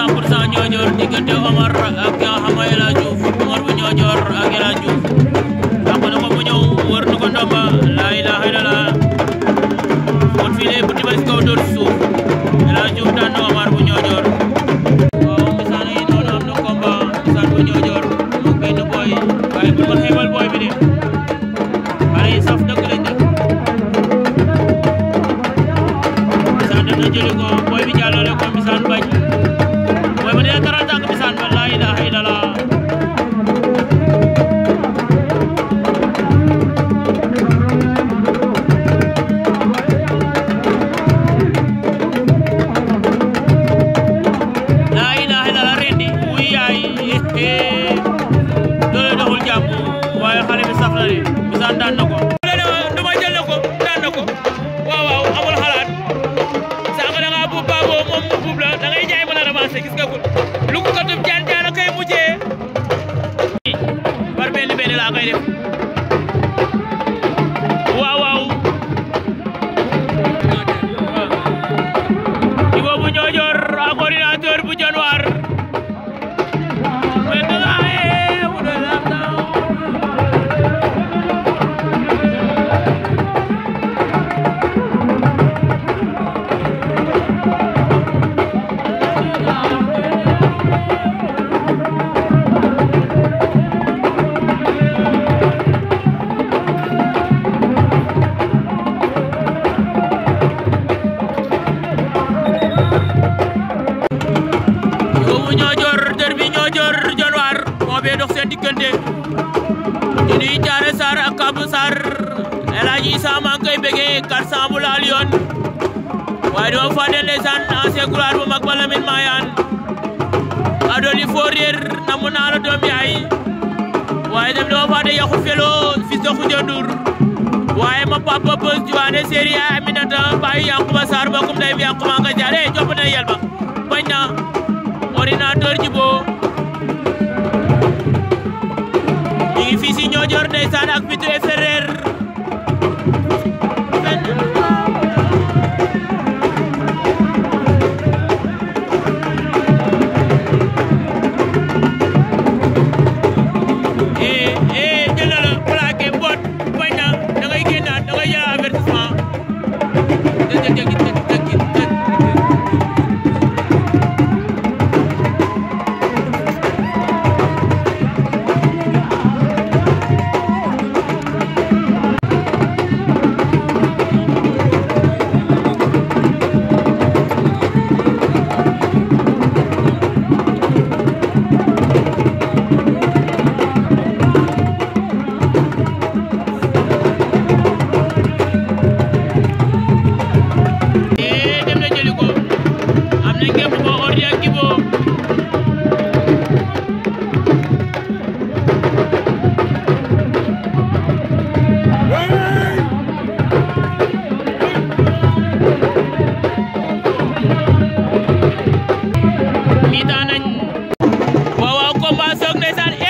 cent pour cent Niodior diggante Omar ak nga xam ne El Hadj tegul lu ko ko def jaan بيجي كرسا أبو العليون وادو فادن لسان آسيا كولار mayan, من مايان أدولي فورير نمون على دومي أي وادم دو فادن يخفلو في سوق جدور waaye ma papa bës juwaane séri aminata bayi yankuba sar bakum day bi yankuma nga jare jopp na yelba bañ na ordinateur jibo ñi ngi fii si ñoo ak Obasanjo Nation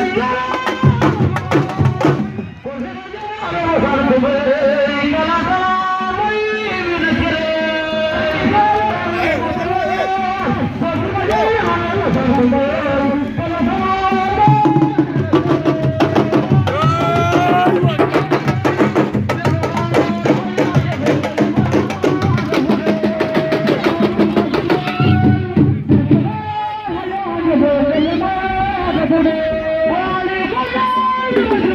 Yeah. Thank you.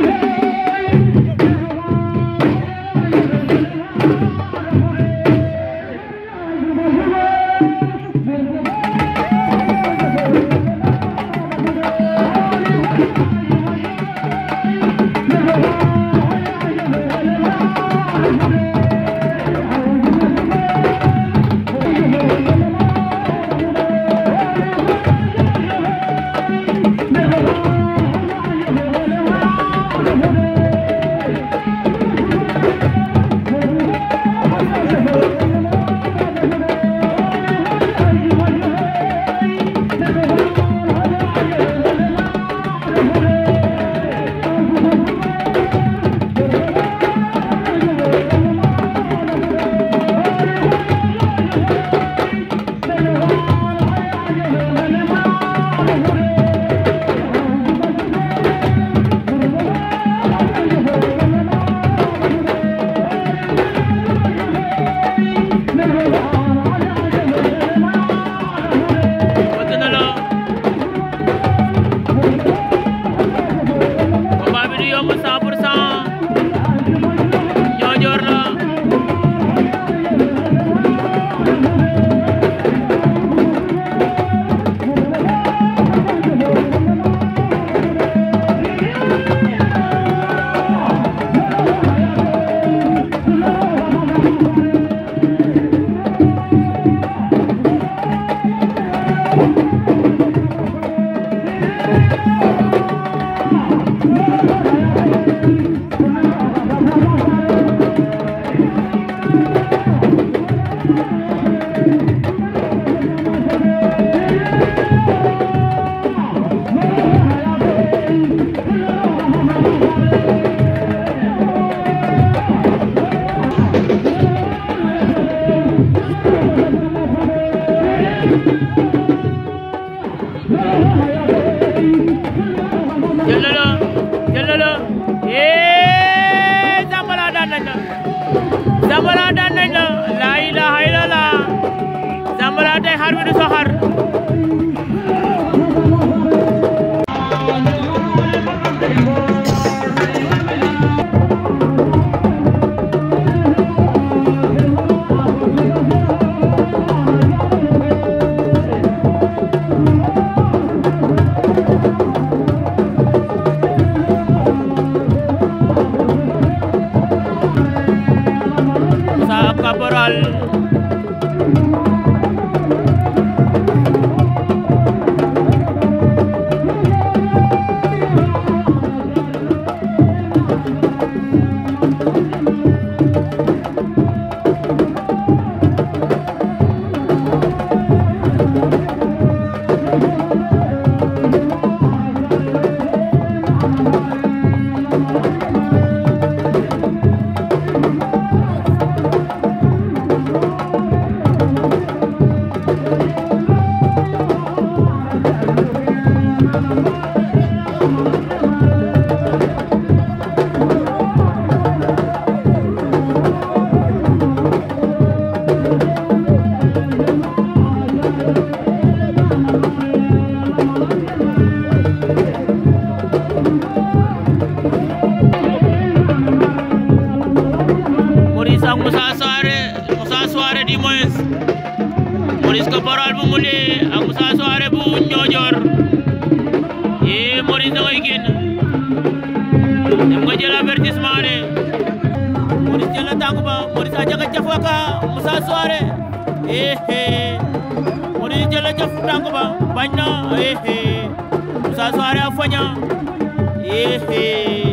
ma avertissement de Moris jël na tànk ba Moris a jaga jaf waka Moussa Soare ehe eh. Moris jël na jaf tànk ba bañ na ehe eh. Moussa Soare a faña ehe eh.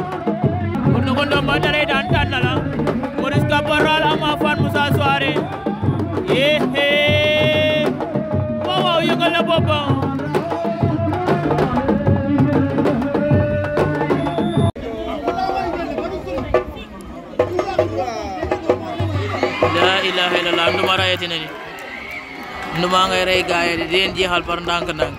na boppam laa ilaaha illallaah nduma rayati na ni nduma ngay rey gaaya di leen jeexal par ndànk-ndànk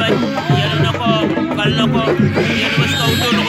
bañ yelu na ko bal na ko yelu ba si kaw dóor